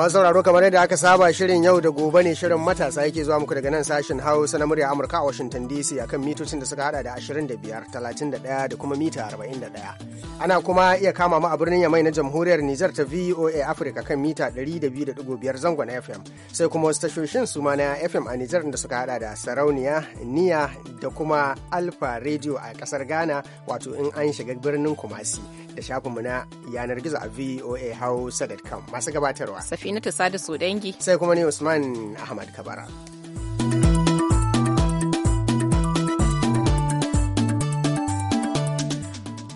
masu sauraro kamar yadda aka saba shirin yau da gobe ne shirin matasa yake zuwa muku daga nan sashen hausa na murya amurka a washington dc akan mitocin da suka hada da 25 31 da kuma mita 41 ana kuma iya kama mu a birnin yamai na jamhuriyar nijar ta voa africa kan mita 200.5 zangon fm sai kuma wasu tashoshin su ma na fm a nijar da suka hada da sarauniya niya da kuma alfa radio a kasar ghana wato in an shiga birnin kumasi da shafinmu na yanar gizo a voa hausa.com masu gabatarwa. Safina ta sada dangi. Sai kuma ni Usman Ahmad Kabara.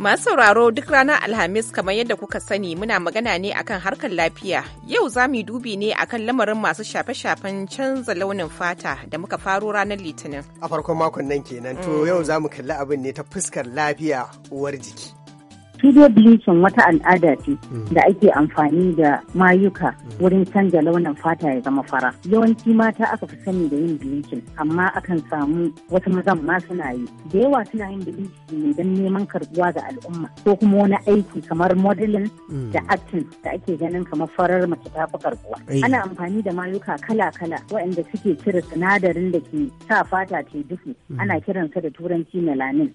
Masu sauraro duk ranar Alhamis kamar yadda kuka sani muna magana ne akan harkar lafiya. Yau za mu yi dubi ne akan lamarin masu shafe-shafen canza launin fata da muka faro ranar Litinin. A farkon makon nan kenan to mm. yau za mu kalli abin ne ta fuskar lafiya uwar jiki. su dai bleaching wata al'ada ce hmm. da ake amfani da mayuka hmm. wurin canza launin fata ya zama fara yawanci mata aka fi sani da yin bleaching amma akan samu wasu mazan ma suna yi da yawa suna yin bleaching ne don neman karbuwa ga al'umma ko kuma wani aiki kamar modeling hmm. da acting da ake ganin kamar farar mace ta fi karbuwa ana amfani da mayuka kala-kala waɗanda suke cire sinadarin da ke sa fata ce duhu ana kiransa da turanci melanin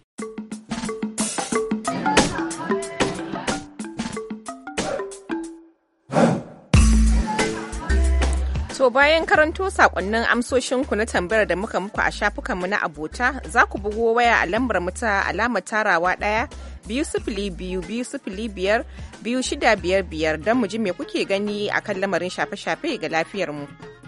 bayan karanto sakonnin amsoshinku na tambayar da muka muku a shafukanmu na abota za ku bugo waya a lambar mu ta alamar tarawa ɗaya biyu sifili biyu biyu sifili biyar biyu shida biyar biyar don mu ji me kuke gani akan lamarin shafe-shafe ga lafiyarmu. mu.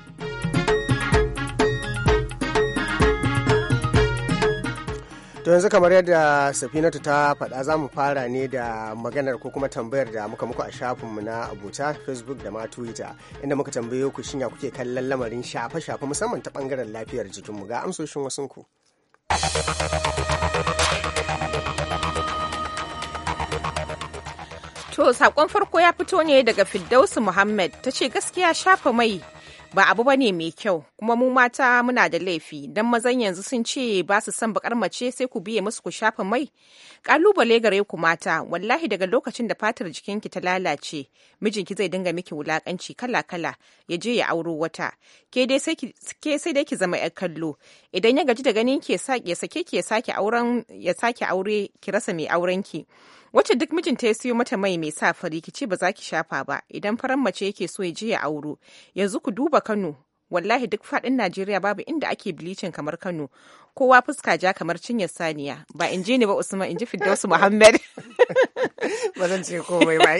To yanzu kamar yadda Safinatu ta faɗa za mu fara ne da maganar ko kuma tambayar da muka muku a shafinmu na abota Facebook da ma Twitter inda muka tambaye ku shinya kuke kallon lamarin shafe-shafe musamman ta ɓangaren lafiyar jikinmu ga amsoshin ku To, saƙon farko ya fito ne daga Firdausu Muhammad ta ce gaskiya shafa mai ba abu bane mai kyau kuma mu mata muna da laifi don mazan yanzu sun ce ba su son bakar mace sai ku biye musu ku shafa mai kalubale gare ku mata wallahi daga lokacin da fatar jikinki ta lalace mijinki zai dinga miki wulakanci kala kala ya je ya auro wata ke dai sai dai ki zama yar kallo idan ya gaji da ganin ki ya sake ki ya sake auren ya sake aure ki rasa mai aurenki ki wacce duk mijinta ya siyo mata mai mai sa fari ki ce ba za ki shafa ba idan faran mace yake so ya je ya auro yanzu ku duba kano wallahi duk fadin najeriya babu inda ake bilicin kamar kano kowa fuska ja kamar cinye saniya ba in ji ne ba usman in ji firdausu muhammad ba zan ce komai ba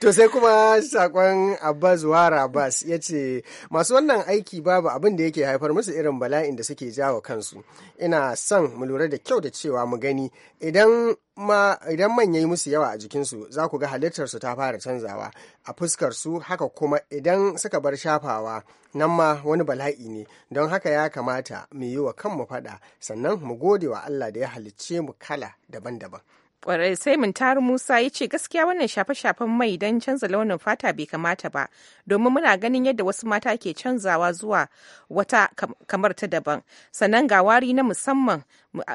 to sai kuma sakon abbas wara abbas ya ce masu wannan aiki babu abin da yake haifar musu irin bala'in da suke jawo kansu ina son mu lura da kyau da cewa mu gani idan ma idan manya yi musu yawa a jikinsu za ku ga halittar su ta fara canzawa a fuskar su haka kuma idan suka bar shafawa nan ma wani bala'i ne don haka ya kamata mu yi wa kanmu fada. faɗa sannan mu gode wa Allah da ya halicce mu kala daban-daban. kwarai sai tar musa ya ce gaskiya wannan shafe-shafen mai don canza launin fata bai kamata ba domin muna ganin yadda wasu mata ke canzawa zuwa wata kamar ta daban sannan ga wari na musamman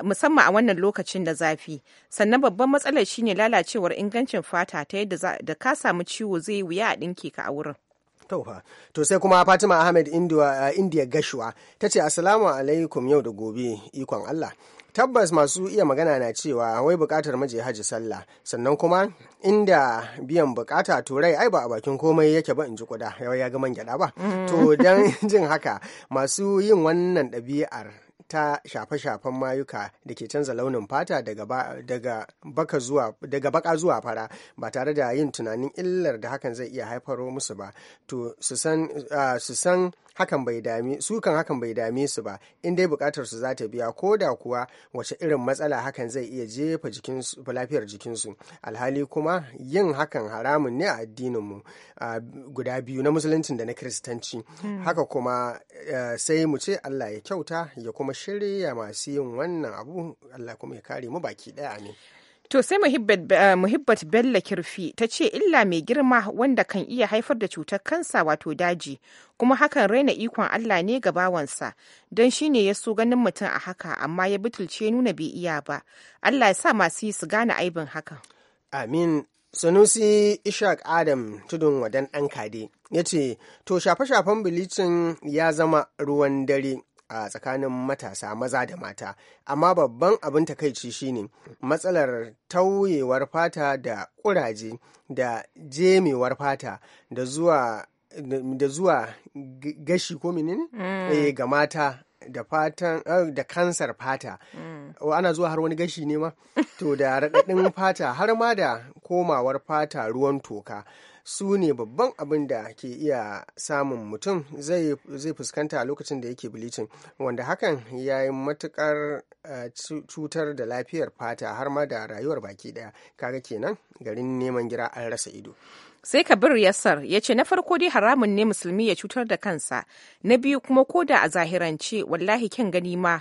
musamman a wannan lokacin da zafi sannan babban matsalar shine lalacewar ingancin fata ta yadda da ka samu ciwo zai wuya a ɗinke ka a wurin Taufa. To sai kuma Fatima Ahmed Indiya uh, Gashuwa ta ce asalamu alaikum yau da gobe ikon Allah. tabbas masu iya magana na cewa wai bukatar maje haji sallah sannan kuma inda biyan bukata turai ai ba a bakin komai yake ba in ji kuda yawai ya ga man gyada ba mm. to don jin haka masu yin wannan ɗabi'ar ta shafe-shafen mayuka da ke canza launin fata daga baka zuwa fara ba tare da yin tunanin illar da hakan zai iya haifar musu ba to su san hakan bai dami su kan hakan bai dami su ba in dai bukatar su za ta biya ko da kuwa wace irin matsala hakan zai iya jefa lafiyar jikinsu alhali kuma yin hakan haramun ne a addinin addininmu guda biyu na musulunci da na kiristanci hmm. haka kuma eh, sai mu ce allah ya kyauta ya kuma shirya masu yin wannan abu Allah kuma ya kare mu baki ɗaya amin. To sai Muhibbat eh, Bello Kirfi ta ce illa mai girma wanda kan iya haifar da cutar kansa wato daji kuma hakan raina ikon Allah ne ga bawansa don shi ne ya so ganin mutum a haka amma ya butulce nuna bai iya ba. Allah ya sa masu yi su gane aibin hakan. Amin. Sanusi Ishak Adam tudun wadan ɗan kade ya ce, To shafe-shafen bilicin ya zama ruwan dare a tsakanin matasa maza da mata amma babban abin takaici shine matsalar tauyewar fata da kuraje da jemewar fata da zuwa da zuwa gashi ko menene mm. Eh, ga mata da fatan eh, da kansar fata mm. ana zuwa har wani gashi ne ma to da raɗaɗin fata har ma da komawar fata ruwan toka su ne babban abin da ke iya samun mutum zai fuskanta a lokacin da yake bilicin wanda hakan ya yi matukar eh, cutar da lafiyar fata har ma da rayuwar baki daya kaga kenan garin neman gira an rasa ido sai kabir yasar ya ce na farko dai haramun ne musulmi ya cutar da kansa na biyu kuma ko da a zahirance wallahi kyan gani ma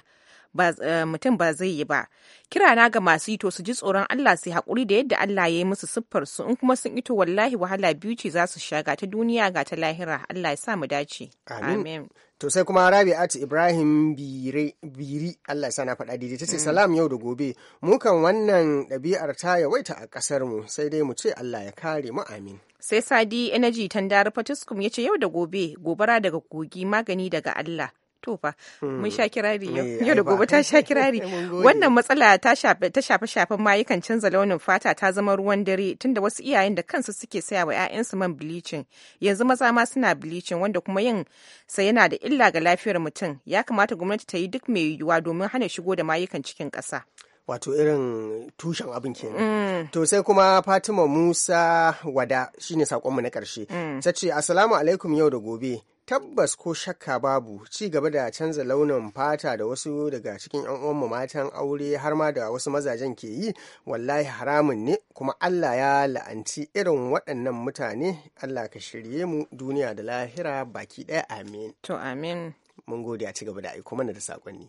Eh, mutum ba zai yi ba kira na ga masu yi to su ji tsoron Allah su haƙuri da yadda Allah ya yi musu siffar su in kuma sun ito wallahi wahala biyu ce za su sha ga ta duniya ga ta lahira Allah ya sa mu dace amin to sai kuma rabi'atu ibrahim biri allah sana faɗa daidai ta ce mm. salam yau da gobe mu kan wannan ɗabi'ar ta yawaita a ƙasar mu sai dai mu ce allah ya kare mu amin sai sadi energy tandar fatiskum ya ce yau da gobe gobara daga kogi magani daga allah tofa mun sha hmm. kirari yau eh, da gobe ta sha kirari wannan matsala ta shafe shafen mayukan canza launin fata ta zama ruwan dare tunda wasu iyayen da kansu suke saya wa 'ya'yansu man bleaching yanzu maza ma suna bleaching wanda kuma yin sa yana da illa ga lafiyar mutum ya kamata gwamnati ta yi duk mai yiwuwa domin hana shigo da mayukan cikin ƙasa. wato irin tushen abin ke Mm. To sai kuma Fatima Musa Wada shine sakonmu na ƙarshe. Mm. Ta ce, Assalamu alaikum yau da gobe. tabbas ko shakka babu ci gaba da canza launin fata da wasu daga cikin 'yan uwanmu matan aure har ma da wasu mazajen ke yi wallahi haramun ne kuma allah ya la'anci irin waɗannan mutane allah ka shirye mu duniya da lahira baki ɗaya amin to amin mun gode a ci gaba da aiko mana da saƙonni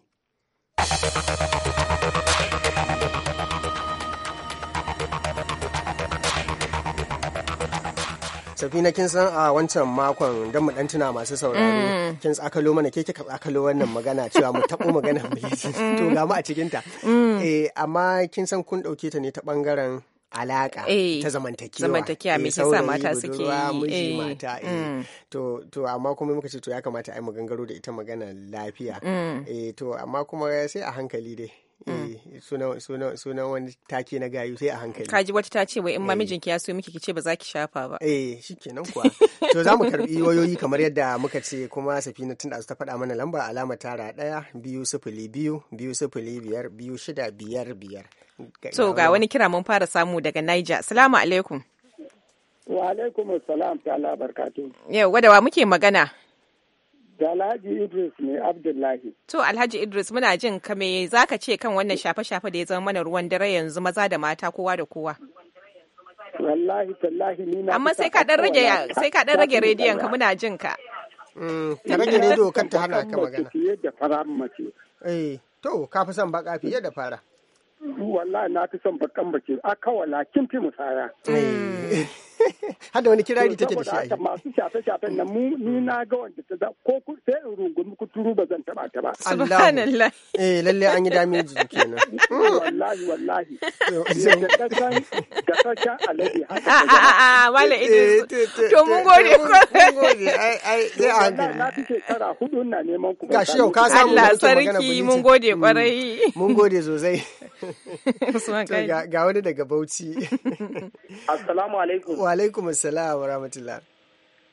na kin san a wancan makon don mu dan tuna masu saurari mm. kin tsakalo mana ke kika tsakalo wannan magana cewa mu tabo magana mu to ga mu a cikin ta mm. eh amma kin san kun dauke ta ne ta bangaren alaka eh, ta zamantakewa zamantakewa me yasa eh, mata suke miji eh. mata mm. to to amma kuma muka ce to ya kamata ai mu gangaro da ita magana lafiya eh to amma kuma sai a hankali dai Mm. Eh, sunan wani take na gayu sai a hankali kaji wata ta ce wai in ma eh. mijinki ya so miki kice ba za ki shafa ba eh shikenan kuwa to za mu karbi wayoyi kamar yadda muka ce kuma safina tun da ta faɗa mana lamba alama tara ɗaya biyu sifili biyu biyu sifili biyar biyu shida biyar biyar to ga wani kira mun fara samu daga naija. salamu alaikum wa alaikum assalam ta barkatu yau wadawa muke magana Da Alhaji Idris ne Abdullahi. To Alhaji Idris muna jin ka me zaka ce kan wannan shafe-shafe da ya zama mana ruwan dare yanzu maza da mata kowa da kowa. Wallahi tallahi ni na Amma sai ka dan rage sai ka dan rage rediyon ka muna jin ka. Mm, ka rage rediyo kan ta hana ka magana. Fiye da fara mace. Eh to ka fi son baka fiye da fara. Wallahi na fi son bakan bace a kawala kin fi musaya. Eh. hada wani kirari take da shi a masu shafe shafen na mu ni na ga wanda ta za ko ku sai in rungumi turu ba zan taba ta ba subhanallah eh lalle an yi damage kenan wallahi wallahi da kasan da kasan alade a wala idris eh, to mun gode ko mun gode ai ai sai a hankali na fi shekara hudu na neman ku gashi yau ka samu Allah sarki mun gode mm, kwarai mun gode sosai ga wani daga Bauchi assalamu alaikum alaikum assalam wa rahmatullah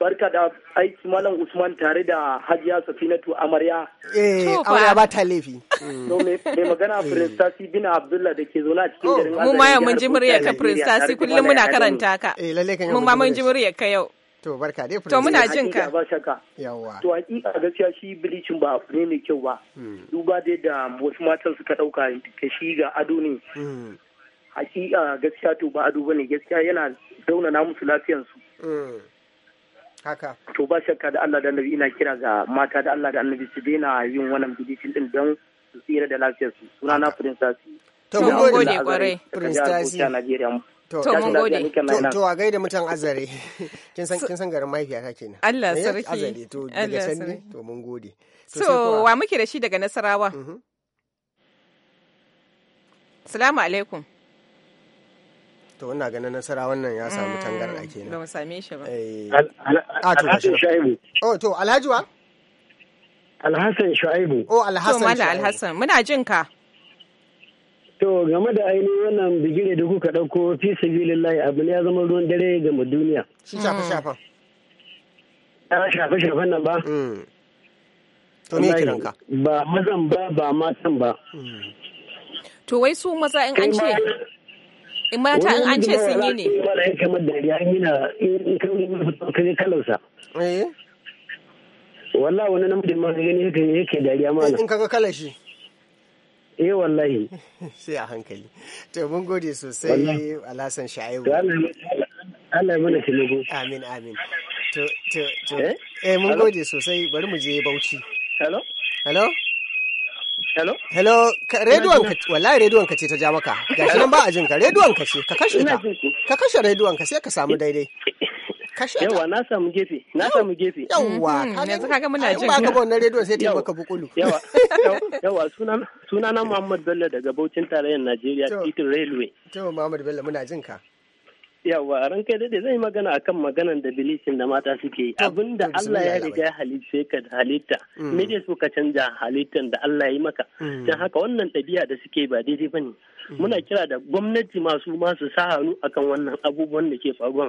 barka da aiki malam usman tare da hajiya safinatu amarya eh amarya ba ta laifi no mm. me magana eh. prestasi bin abdullah da ke zaune cikin oh, garin mu ma mun ji murya ka prestasi kullum muna karanta ka eh lalle kan mu ma mun ji murya ka yau to barka dai prestasi to muna jin ka ba shakka yawa to hakika gaskiya shi bilicin ba abu ne mai kyau ba mm. duba dai da wasu matan suka dauka ka shi ga ado ne mm. hakika gaskiya to ba duba ne gaskiya yana zaunana musu lafiyansu mm. haka to ba shakka da Allah da annabi ina kira ga mata da Allah da annabi su daina yin wannan bidicin din don su tsira da lafiyarsu suna na prince tasi to mun gode kwarai To, mun gode. To, a gaida mutan azare. Kin san garin mahaifiyata kenan. Allah eh, sarki. Azare to daga can to mun gode. So, wa muke da shi daga Nasarawa? Mhm. Salamu alaikum. to ina ganin nasara wannan ya samu a mm, kenan ba mu same shi ba eh. ah, alhassan shu'aibu oh to alhaji wa alhassan shu'aibu oh alhassan to alhassan muna jin ka to game da ainihin wannan bigire da kuka ɗauko fi sabilillahi abu ne ya zama ruwan dare ga duniya shi shafa mm. shafa ya shafa shafa nan ba mm. to ne kiranka ba mazan ba ba matan ba to wai su maza in an ce in eh, mata in an ce sun yi ne eh. wallahi wani namijin ma gani yake yake dariya mana in kaga kalar shi eh wallahi sai a to mun gode sosai alhassan sha'ibu Allah amin amin to to to eh, eh mun gode sosai bari mu je Bauchi hello hello Hello? Hello, rediyon ka wallahi rediyon ka ce ta ja maka. shi nan ba a jin ka, rediyon ka ce, ka kashe ta. Ka kashe rediyon ka sai ka samu daidai. Kashe Yawa na samu gefe, na samu gefe. Yawwa, mm-hmm. yanzu kaga muna jin. Ba ka ba wannan rediyon sai ta maka bukulu. Yawa. yawwa, sunan sunana Muhammad Bello daga Bauchin Tarayyar Najeriya, Titin Railway. To Muhammad Bello muna jin ka. yawa ran kai dade zai magana akan maganan da bilishin da mata suke yi da Allah ya riga halitta mm. ka halitta me dai suka canja halittan da Allah ya yi maka mm. dan haka wannan ɗabi'a da suke ba daidai bane mm. muna kira da gwamnati masu masu sa hannu akan wannan abubuwan da ke faruwa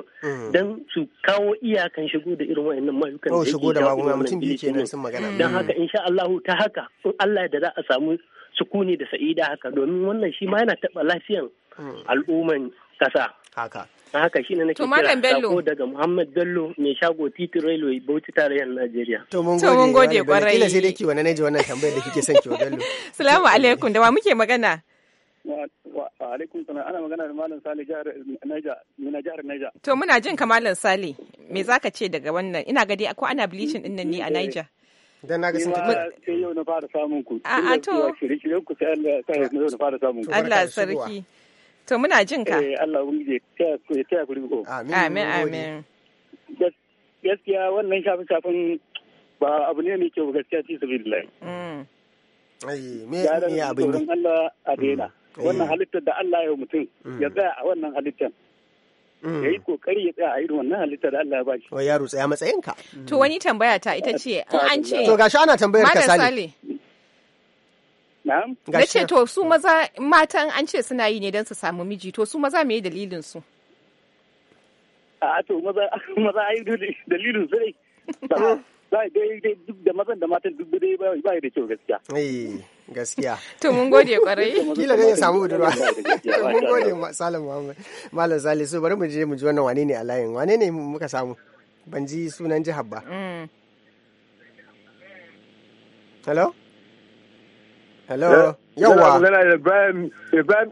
dan su kawo iyakan shigo da irin wayannan mayukan da shigo da mutum biyu kenan sun magana dan haka insha Allah ta haka in Allah da za a samu sukuni da sa'ida haka domin wannan shi ma yana taɓa lafiyan al'umman kasa haka a haka shine nake kira sako daga Muhammad Bello mai shago Titi Railway Bauchi tarayyar Najeriya. To mun gode mun gode kwarai. Kila sai dai ki wannan naji wannan tambayar da kike son ki wa Bello. Assalamu alaikum da wa muke magana? Wa alaikum salam ana magana da Malam Sale jihar Niger, muna jihar Niger. To muna jin ka Malam Sale, me zaka ce daga wannan? Ina ga dai akwai ana bleaching din nan ne a Niger. dan na ga sun tafi. sai yau na fara samun ku. A to. Shirye-shiryen ku sai Allah na fara samun ku. Allah sarki. To muna jin ka. Eh Allah ubangiji ya taya ku riko. Amin amin. Gaskiya wannan shafin shafin ba abu ne mai kyau gaskiya ci su billahi. Mm. Ayi me ne abin ne? Allah a mm. daina. Eh. Wannan halittar da Allah ya mutum mm. ya tsaya a wannan halittar. ya yi kokari ya tsaya a irin wannan halittar da Allah ya bashi. Wai yaro tsaya matsayinka. To wani tambaya ta ita ce an ce. To gashi ana tambayar ka sale. Na ce to su maza matan an ce suna yi ne don su samu miji to su maza me dalilin su? A to maza maza ai dalilin su ne. Ba dai duk da mazan da matan duk dai ba ba da kyau gaskiya. Eh gaskiya. To mun gode kwarai. Kila ne ya samu budurwa. Mun gode Salam Muhammad. Malam Salisu bari mu je mu ji wannan wane ne a layin wane ne muka samu? Ban ji sunan jihar ba. Mm. Hello? Hello. Eh, Yawwa. Magana Ibrahim Ibrahim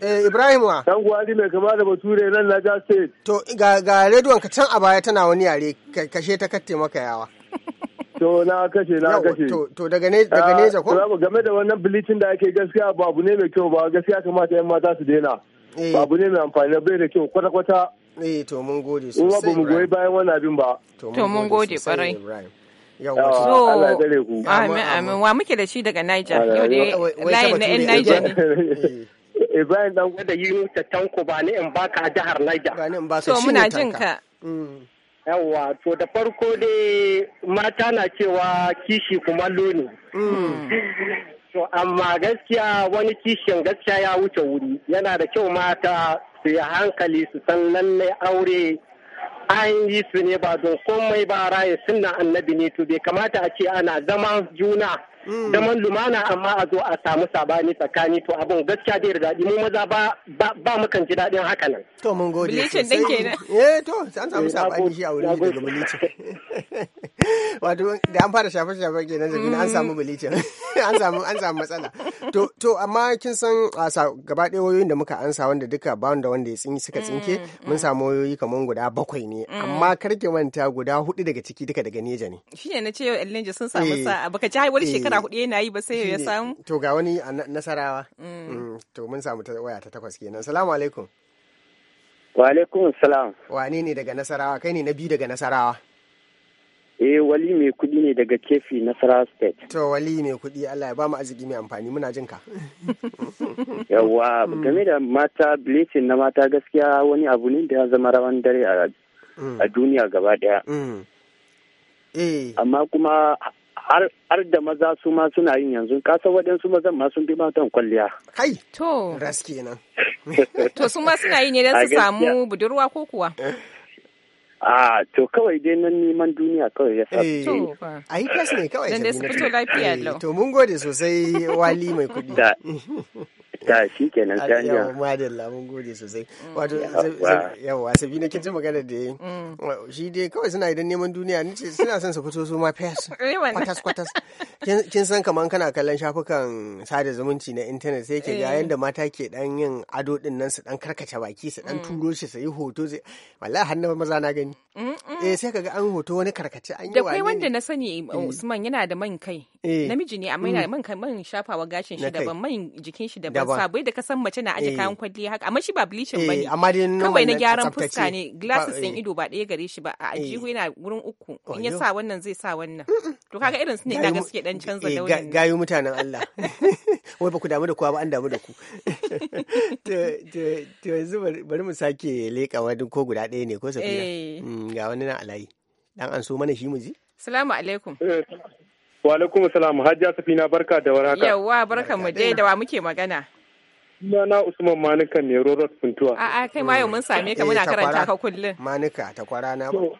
Eh Ibrahim wa? Dan gwari mai kama da Bature nan na ja State. To ga ga rediyon ka can a baya tana wani yare kashe ta katte maka yawa. To na kashe na kashe. To to daga ne daga ah, ne za ko? game da wannan bleaching da ake gaskiya ba abu ne mai kyau ba gaskiya kamata yan mata su daina. Eh. Ba abu ne mai amfani bai da kyau kwata kwata. Eh to mun gode sosai. Ba mu goyi bayan wannan abin ba. To mun gode kwarai. so Allah dare ku amin amin wa muke da shi daga Niger yau dai layin na yan Niger ne eh. Ibrahim dan gwada yi ta tanko ba ni in baka a jihar Niger ba ni in ba so muna jin ka mm. yawwa to da farko dai mata na cewa kishi kumallo ne mm. to amma gaskiya wani kishin gaskiya ya wuce wuri yana da kyau mata su yi hankali su san lallai aure an yi su ne ba don komai ba raye sunna annabi ne to bai kamata a ce ana zama juna Mm. zaman lumana amma a zo a samu sabani tsakani to abin gaskiya dai da daɗi mu maza ba ba mukan ji daɗin haka nan to mun gode bilicin din eh to an samu eh, sabani shi a wuri daga bilicin wato da an fara shafe shafe kenan da an samu mm. bilicin an samu an samu matsala to to amma kin san gaba ɗaya wayoyin da muka ansa wanda duka ba wanda wanda ya tsinki suka tsinke mm, mun samu wayoyi kamar guda bakwai ne amma karke manta guda hudu daga ciki duka daga neja ne shi ne na ce yau sun samu eh. sa baka ci wani eh. shekara wata hudu yana yi ba sai ya samu to ga wani nasarawa mm. Mm, to mun samu ta waya ta takwas kenan salamu alaikum wa alaikum salam wane ne daga nasarawa kai ne na biyu daga nasarawa eh wali mai kuɗi ne daga kefi nasarawa state to wali mai kuɗi, allah ya ba mu arziki mai amfani muna jin ka Yawwa, mm. game da mata bleaching na mata gaskiya wani abu ne da ya zama rawan dare a duniya gaba daya eh. amma kuma har da maza su ma suna yin yanzu kasa waɗansu mazan ma sun bi matan kwalliya. Kai, to, raski nan. to su ma suna yi ne don su samu budurwa ko kuwa? A to kawai dai nan neman duniya kawai ya sa. Eh, a yi fes ne kawai. Dan da su fito lafiya eh, lau. To mun gode sosai wali mai kuɗi. ta shi kenan ta hanyar ma da lamun gode sosai mm. wato yawa sabi na kin ji magana da yi mm. shi dai kawai suna idan neman duniya ni ce suna son su fito su ma fes kwatas kwatas kin san kamar kana kallon shafukan sada zumunci na intanet sai ke ga eh. yanda mata ke dan yin ado din nan su dan karkace baki su dan mm. turo shi su yi hoto sai wallahi har na maza na gani eh sai kaga an hoto wani karkace an yi wani da kai wanda na sani eh, eh. Usman yana da man kai namiji ne amma yana da man shafawa gashin shi daban man jikin shi daban sabbai da kasan mace na aje eh. kayan kwalliya haka amma shi ba bleaching eh, bane amma dai kawai na gyaran fuska ne glasses din eh. ido ba ɗaya gare shi ba a aljihu yana gurin uku in ya sa wannan zai sa wannan to kaga irin su ne da gaske dan canza launin gayu mutanen Allah wai ba ku damu da kowa ba an damu da ku to yanzu bari mu sake leƙa wani ko guda ɗaya ne ko safiya mm, ga wani na alayi dan an so mana shi mu ji salamu alaikum wa alaikum salam hajja safina barka da warhaka yawa barka mu dai da wa muke magana Sunana Usman Manika ne Rorot Funtuwa. A a kai ma mun same ka eh, muna karanta ka kullum. Manika ta kwara na ba.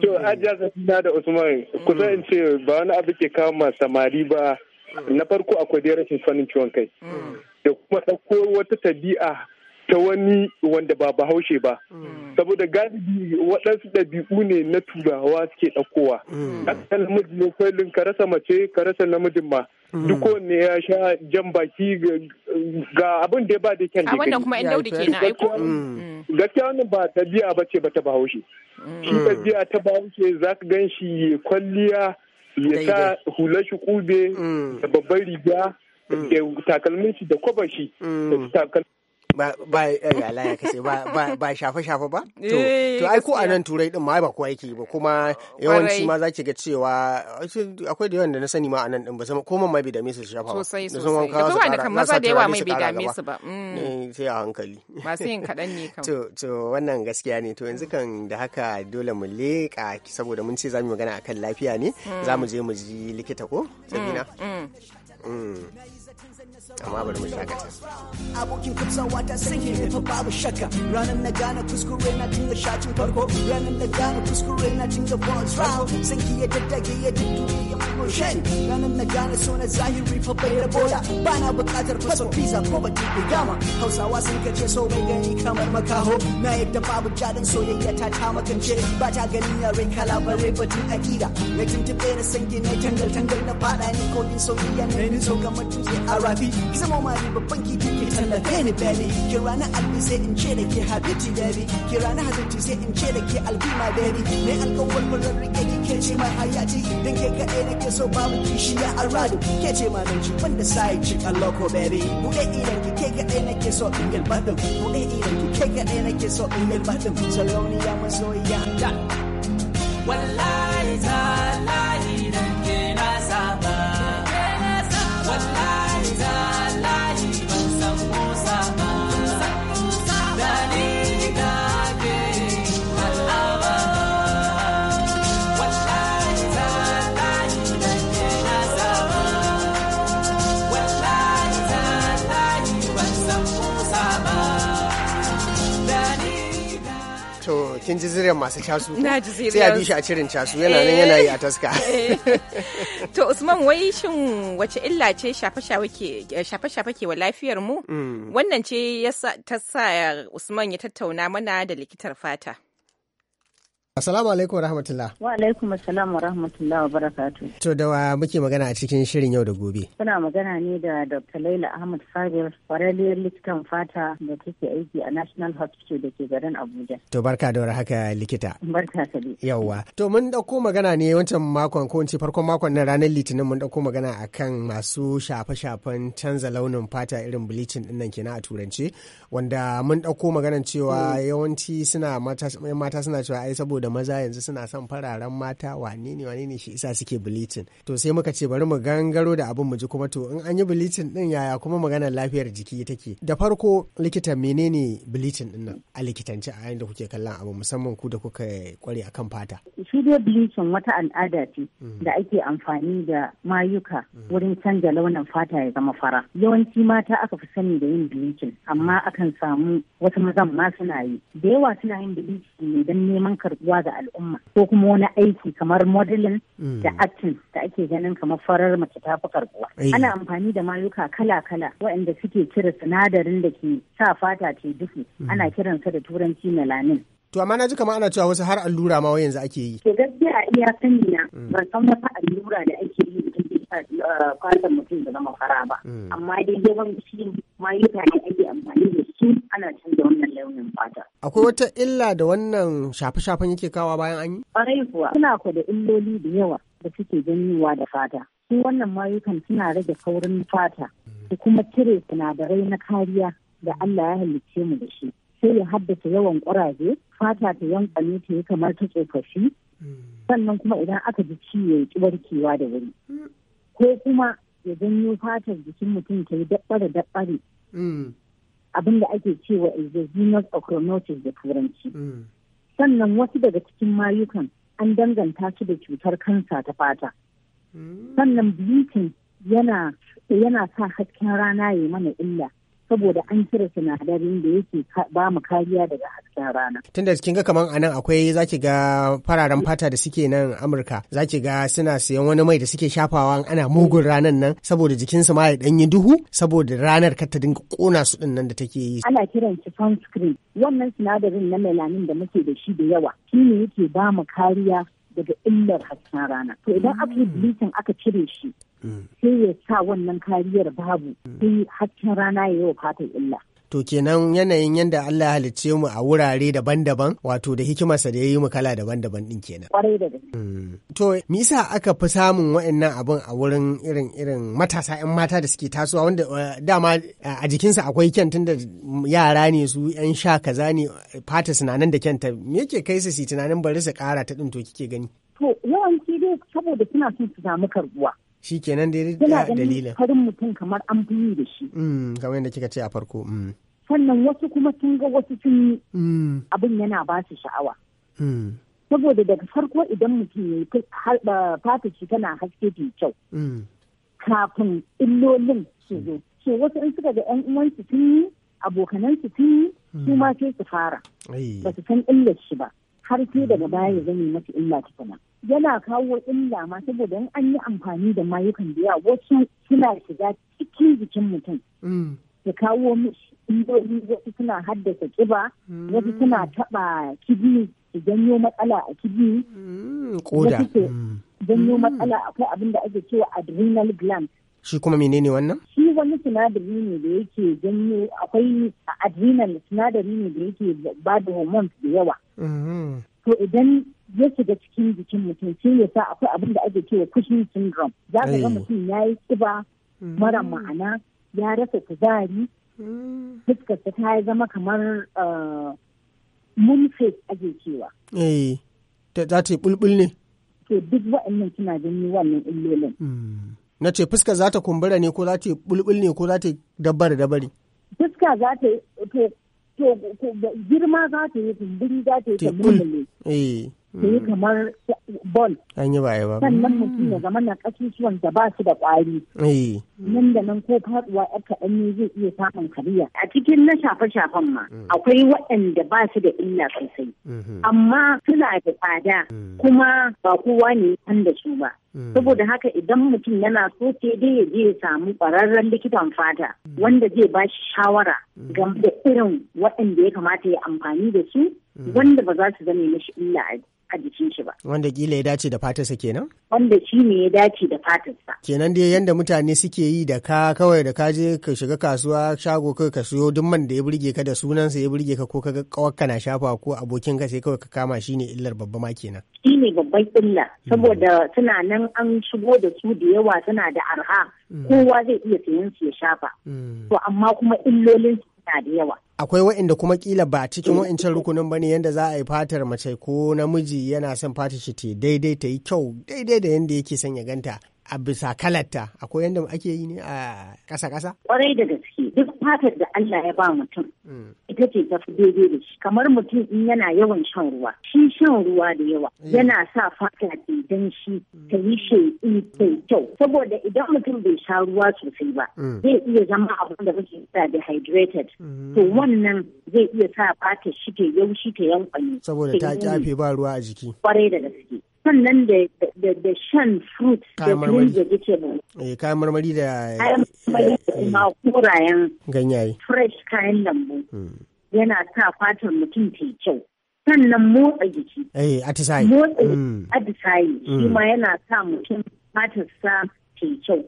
To ajiya safina da Usman kusa in ce ba wani abu ke kawo kama samari ba na farko akwai dai rashin sanin ciwon kai. Mm. Mm. Da kuma ɗauko wata tabi'a ta wani wanda ba bahaushe ba mm. saboda galibi waɗansu ɗabi'u ne na turawa suke ɗaukowa mm. ka namiji ne kwalin ka rasa mace ka rasa namijin ma mm. duk wanne ya sha jan baki ga abin da ya ba da kyan da wannan kuma yan daudi kenan aiko gaskiya wannan ba tabiya ba ce ba ta bahaushe shi biya ta bahaushe za ka gan shi ya kwalliya ya sa hular shi kube da babbar riga da takalmin shi da kwabar shi takalmin ba ba eh, ya kace ba ba shafe shafe ba eh, to ai ko a nan turai din ma ba ko yake ba kuma yawanci ma zaki ga cewa akwai da yawan da na sani ma a nan din ba zama ko mai bidame su shafa ba sosai sosai da kuma da kan maza da yawa mai bidame su ba mm. eh, sai a hankali masu yin kaɗan ne kam to to wannan gaskiya ne to yanzu kan da haka dole mu leƙa saboda mun ce za mu magana akan lafiya ne mm. za mu je mu ji likita ko mm, sabina amma bari mu shakata abokin kutsawa ta sanya ne fa babu shakka ranar na gane kuskure na tun da shatin farko ranar na gane kuskure na tun da balls round sanki ya daddage ya dudduye shan ranar na gane zahiri fa bai bana boda ba na bukatar faso pizza ko ba tuku dama hausawa sun kace so bai gani kamar makaho na yadda babu jadan soyayya ta ta makance ba ta ganin yare kala bare batun akida na tuntube na san gine tangal tangal na fada ni ko din soyayya ne ni so kamar tuke a rafi ki zama ma ni ke tallafe ni baby ki rana albi sai in ce da ke habiti baby ki rana habiti sai da ke albima baby ne alƙawar mun rike ki mai hayati dan ke kaɗai da ke so babu kishiya ya rado ke ce ma nan ban da side ci a loco baby bude idan ki ke ga kaɗai nake so in yalba da bude idan ki ke ga kaɗai nake so in yalba da ya masoyiya wallahi ta kin ji zuriyar masu casu sai a bi a cirin casu yana nan yana yi a eh. taska to usman wai shin wace illa ce shafe-shafe ke eh, wa lafiyar mu mm. wannan ce ta sa usman ya tattauna mana da likitar fata Assalamu alaikum wa rahmatullah. Wa alaikum assalam wa rahmatullah wa barakatu. To da wa muke magana a cikin shirin yau da gobe. Kuna magana ne da Dr. Laila Ahmad Fadil kwararriyar likitan fata da take aiki a National Hospital da ke garin Abuja. To barka da haka likita. Barka ta dai. Yawwa. To mun dauko magana ne wancan makon ko wancan farkon makon na ranar Litinin mun dauko magana akan masu shafe-shafen canza launin fata irin bleaching din nan kenan a turance wanda mun dauko maganan cewa mm. yawanci suna mata suna cewa ai saboda da maza yanzu suna son fararen mata wane ne wane ne shi isa suke bilitin to sai muka ce bari mu gangaro da abin mu ji kuma to in an yi bilitin din yaya kuma maganar lafiyar jiki take da farko likita menene bilitin din nan a likitance a yayin da kuke kallon abu musamman ku da kuka kware akan fata shi dai bleaching wata al'ada ce da ake amfani da mayuka mm. wurin canza launin fata ya zama fara yawanci mata aka fi sani da yin bleaching amma akan samu wasu mazan ma suna yi da yawa suna yin bleaching ne don neman karbuwa gudunmawa ga al'umma ko kuma wani aiki kamar modelin mm. da acting da ake ganin kamar farar mace ta fi karbuwa eh. ana amfani da mayuka kala-kala waɗanda suke kira sinadarin da ke sa fata ce duhu mm. ana kiransa da turanci melanin To amma na ji kamar ana cewa wasu har allura ma yanzu ake yi. ke gaskiya a iya sani na mm. ban san wata allura da ake yi da take ah, fatan mutum da zama fara ba. Mm. Amma dai yawanci mayuka ne ake amfani da su ana canza wannan launin fata. Akwai wata illa da wannan shafe-shafen yake kawa bayan an yi? Ƙwarai kuwa suna ku da illoli da yawa da suke janyowa da fata. Su wannan mayukan suna rage saurin fata da mm. kuma cire sinadarai na kariya da Allah ya halicce mu da shi. sai ya haddasa yawan ƙuraje fata ta yankane ta yi kamar ta tsofaffi sannan kuma idan aka ji ciwo ya ki barkewa da wuri ko kuma ya janyo fatar jikin mutum ta yi daɓɓare daɓɓare abin da ake cewa exogenous ochronosis da turanci sannan wasu daga cikin mayukan an danganta su da cutar kansa ta fata sannan bleaching yana sa hasken rana ya mana illa saboda an kira sinadarin da yake ba mu kariya daga hasken rana. Tunda kin ga kaman anan akwai zaki ga fararen fata da suke nan Amurka zaki ga suna siyan wani mai da suke shafawa ana mugun ranar nan saboda jikinsu ma ya danyi duhu saboda ranar kar ta dinga kona su din nan da take yi. Ana kiran shi sunscreen wannan sinadarin na melanin da muke da shi da yawa shi yake ba mu kariya daga illar hasken rana to idan aka yi mm. aka cire shi mm. sai ya sa wannan kariyar babu mm. sai hasken rana ya yi wa fatan illa to kenan yanayin yadda Allah halicce mu a wurare daban-daban wato da hikimarsa da ya yi mu kala daban-daban din kenan. Mm. To me aka fi samun wa'annan abin a wurin irin irin matasa 'yan mata da suke tasowa wanda eh, dama eh, a jikinsa akwai kyan da yara ne su 'yan sha kaza ne fata sinanan da kyanta me yake kai su su tunanin bari su kara ta din to kike gani. To yawanci dai saboda suna son su samu karbuwa. shi kenan dai dalilin farin mutum kamar an biyu da shi mm, kamar yadda kika ce a farko mm. sannan wasu kuma sun ga wasu sun yi mm. abin yana ba su sha'awa saboda daga farko idan mutum ya fata shi tana haske da kyau kafin illolin su zo so wasu in suka ga yan uwansu sun yi abokanansu sun yi su ma sai su fara ba su san illar shi ba har sai daga baya ya zame masa illa tukuna yana kawo illa ma saboda in an yi amfani da mayukan da yawa wasu suna shiga cikin jikin mutum su mm. kawo mishi wasu suna haddasa kiba wasu suna mm. taba kibi su janyo matsala a kibi koda mm, janyo matsala akwai abin da ake cewa adrenal gland shi kuma menene wannan shi wani sinadari ne da yake janyo akwai adrenal sinadari ne da yake ba da hormones da yawa to idan ya shiga cikin jikin mutum shi ne sa akwai abin da ake cewa Cushing syndrome za ka ga mutum ya yi kiba mm. mara ma'ana ya rasa kuzari mm. fuskarsa ta zama kamar uh, mumfet ake cewa. Eh, za ta yi bulbul ne. ke duk waɗannan suna ni wannan illolin. Mm. Na ce fuska za ta kumbura ne ko za ta yi bulbul ne ko za ta yi dabbar dabari. Fuska za ta yi to girma za ta yi kumburi za ta yi ta mulmule. Eh. da yi kamar bol. An yi baya ba. Sannan hmm. mutum ya zama na ƙasusuwan da ba su da ƙwari. Eh. Nan da nan ko faɗuwa ya kaɗan ne zai iya samun kariya. A cikin na shafe-shafen ma hmm. akwai waɗanda ba su da illa sosai. Hmm. Amma suna da tsada kuma ba kowa ne san da su ba. Saboda haka idan mutum yana so sai dai ya je ya samu ƙwararren likitan fata wanda zai ba shi shawara game da irin waɗanda ya kamata ya amfani da su wanda ba za su zame mashi illa a a jikin shi ba. Wanda kila ya dace da fatarsa kenan? Wanda shi ne ya dace da fatarsa. Kenan dai yanda mutane suke yi da ka kawai da ka je ka shiga kasuwa shago kai ka siyo duk man da ya burge ka da sunansa ya burge ka ko ka ga kawakka na shafa ko abokin ka sai kawai ka kama shi ne illar babba ma kenan. Shi ne babban illa hmm. saboda suna nan an shigo da su da yawa suna da arha hmm. kowa zai iya sayan su ya shafa. Hmm. To amma kuma illolin suna da yawa. Akwai wa'inda kuma kila ba cikin wa'incan rukunin ba ne yadda za a yi fatar mace ko namiji yana son fata shi ta daidai ta yi kyau daidai da yadda yake son ya ganta a bisa kalarta akwai yadda ake yi ne a ƙasa-ƙasa? Kwarai da gaske. fatar da Allah ya ba mutum ita ce ta fi daidai da shi kamar mutum in yana yawan shan ruwa shi shan ruwa da yawa eh. yana sa fata ta danshi ta yi sheƙi ta kyau saboda idan mutum bai sha ruwa sosai ba hmm. zai iya zama abin da muke sa dehydrated hmm. to wannan zai iya sa fatar shi ta yaushi ta yankwani saboda ta kyafe ba ruwa a jiki kwarai da gaske sannan da shan fruit da green vegetables. Eh, kayan marmari da kayan marmari da eh, kuma korayen ganyaye fresh kayan lambu hmm. yana sa fatar mutum ta yi kyau sannan motsa jiki eh atisayi motsa hmm. atisayi shi hmm. ma yana sa mutum sa ta yi kyau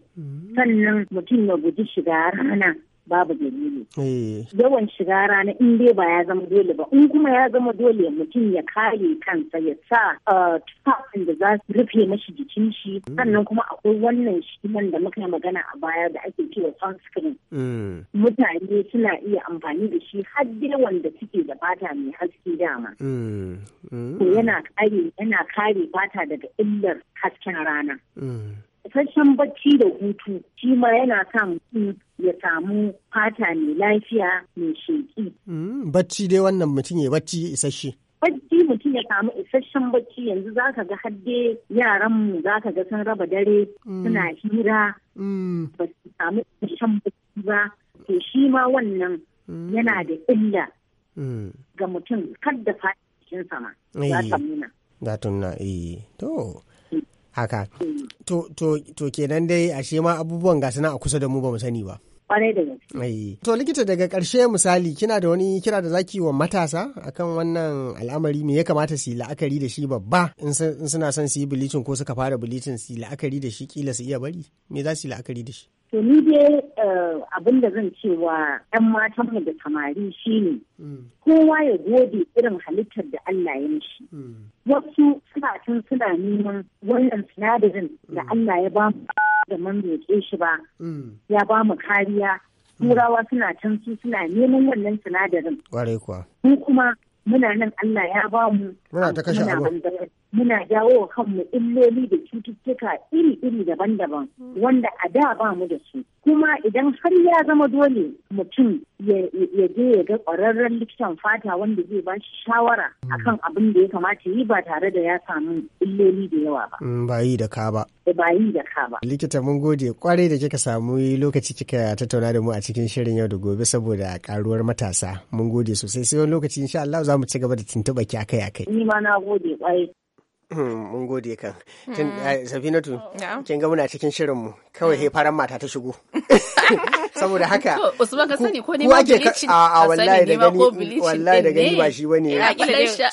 sannan mutum ya guji shiga rana babu dalili. Eh. Yawan shiga rana in dai ba ya zama dole ba, in kuma ya zama dole mutum ya kare kansa ya sa eh, tufafin da za su rufe mashi jikin shi, hmm. sannan kuma akwai wannan shi da muka magana a baya da ake cewa sunscreen. Hmm. Mutane suna iya amfani da shi har dai wanda suke da fata mai haske dama. Hmm. To yana kare fata daga illar hasken rana. isasshen bacci da hutu shi ma yana sa mutum ya samu fata mai lafiya mai sheƙi. Mm, bacci dai wannan mutum ya bacci isasshe. Bacci mutum ya samu isasshen bacci yanzu za ka ga hadde yaranmu za ka ga sun raba dare mm. suna hira mm. ba su samu isasshen bacci ba. To shi ma wannan yana da illa ga mutum kadda fata jikinsa ma. Eh. Za ta nuna. Eh. To. haka to kenan dai ashe ma abubuwan ga a kusa da mu ba mu sani ba kwarai da gaske to likita daga karshe misali kina da wani kira da zaki wa matasa akan wannan al'amari me ya kamata su yi la'akari da shi babba in suna son su yi bilicin ko suka fara bilicin su yi la'akari da shi kila su iya bari me za su yi la'akari da shi To ni dai eh, abin da zan cewa 'yan mu da samari shine mm. kowa ya gode irin halittar da Allah ya mishi. Mm. Wasu suna tun suna neman wannan sinadarin mm. da Allah ya ba mu da man roƙe shi ba, ya ba mu kariya. Turawa suna can su suna neman wannan sinadarin. Ware kuwa. Mu kuma muna nan Allah ya ba mu. Muna ta kashe abin. muna jawo wa kanmu illoli da cututtuka iri-iri daban-daban mm. wanda a da ba mu da su kuma idan har ya zama dole mutum ya je ya ga ƙwararren likitan fata wanda zai ba shi shawara mm. akan abin da ya kamata yi ba tare da ya samu illoli da yawa ba. Mm, ba yi da ka ba. Eh, ba yi da ka ba. Likita mun gode kwarai da kika samu lokaci kika tattauna da mu a cikin shirin yau da gobe saboda karuwar matasa. Mun gode sosai sai wani lokaci insha Allah za mu ci gaba da tuntuɓa ki akai-akai. Ni ma na gode kwarai. Hmm, mun gode kan hmm. eh, safinatu kin ga muna cikin shirinmu kawai he hmm. faran mata ta shigo saboda haka usman ka sani ko ne ma a wallahi da gani wallahi da gani ba shi bane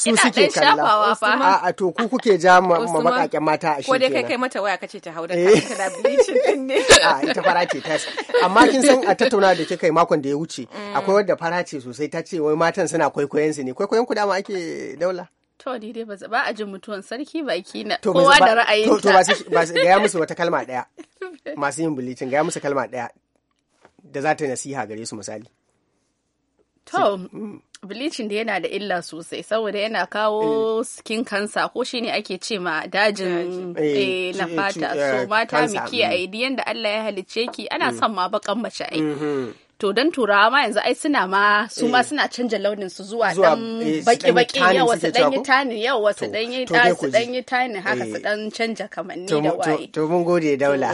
su suke kalla a a to ku kuke ja ma makakken mata a shi ko dai kai kai mata waya kace ta hauda ka da eh. bilicin din ne a ita fara ce ta amma kin san a tattauna da kika makon da ya wuce akwai wadda fara ce sosai ta ce wai matan suna kwaikwayon su ne kwaikwayon ku dama ake daula To ni dai ba a jin mutuwan sarki baki na kowa da ra'ayinta. ta. To ba gaya musu wata kalma daya. Masu yin bulicin gaya musu kalma daya da za ta nasiha gare su misali. To, mm. bleaching da yana da illa sosai saboda yana kawo eh. skin cancer ko shi ne ake ce ma dajin eh, eh, na fata so mata mu mm. kiyaye yadda Allah ya halicce ki ana mm. son ma bakan mace ai. Mm-hmm. to dan turawa ma yanzu ai suna ma su ma eh. suna canja launin eh, su zuwa dan baki baki yau wasu dan yi tani yau wasu dan yi da su dan yi tani haka su dan eh. canja kamanni da waye to mun gode daula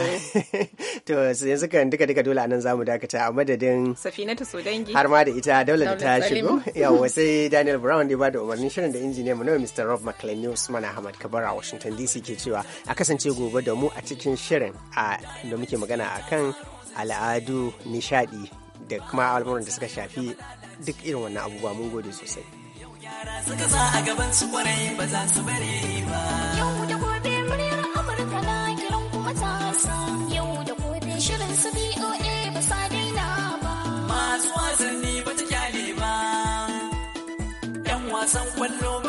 to yanzu kan duka duka dole anan zamu dakata a madadin safinatu dangi har ma da ita daula da ta shigo yawa sai daniel brown da ba da umarnin shirin da injiniya mu na mr rob mclean news mana ahmad kabara washington dc ke cewa a kasance gobe da mu a cikin shirin a da muke magana akan al'adu nishadi da kuma al'amuran da suka shafi duk irin wannan abubuwa mun gode sosai Yau suka sa a gaban su kwarai ba za su bare ba yau da gobe muryar amurka na kiran kuma matasa yau da gobe shirin su boa ba sa daina ba masu wasanni ba ta kyale ba yan wasan kwallon.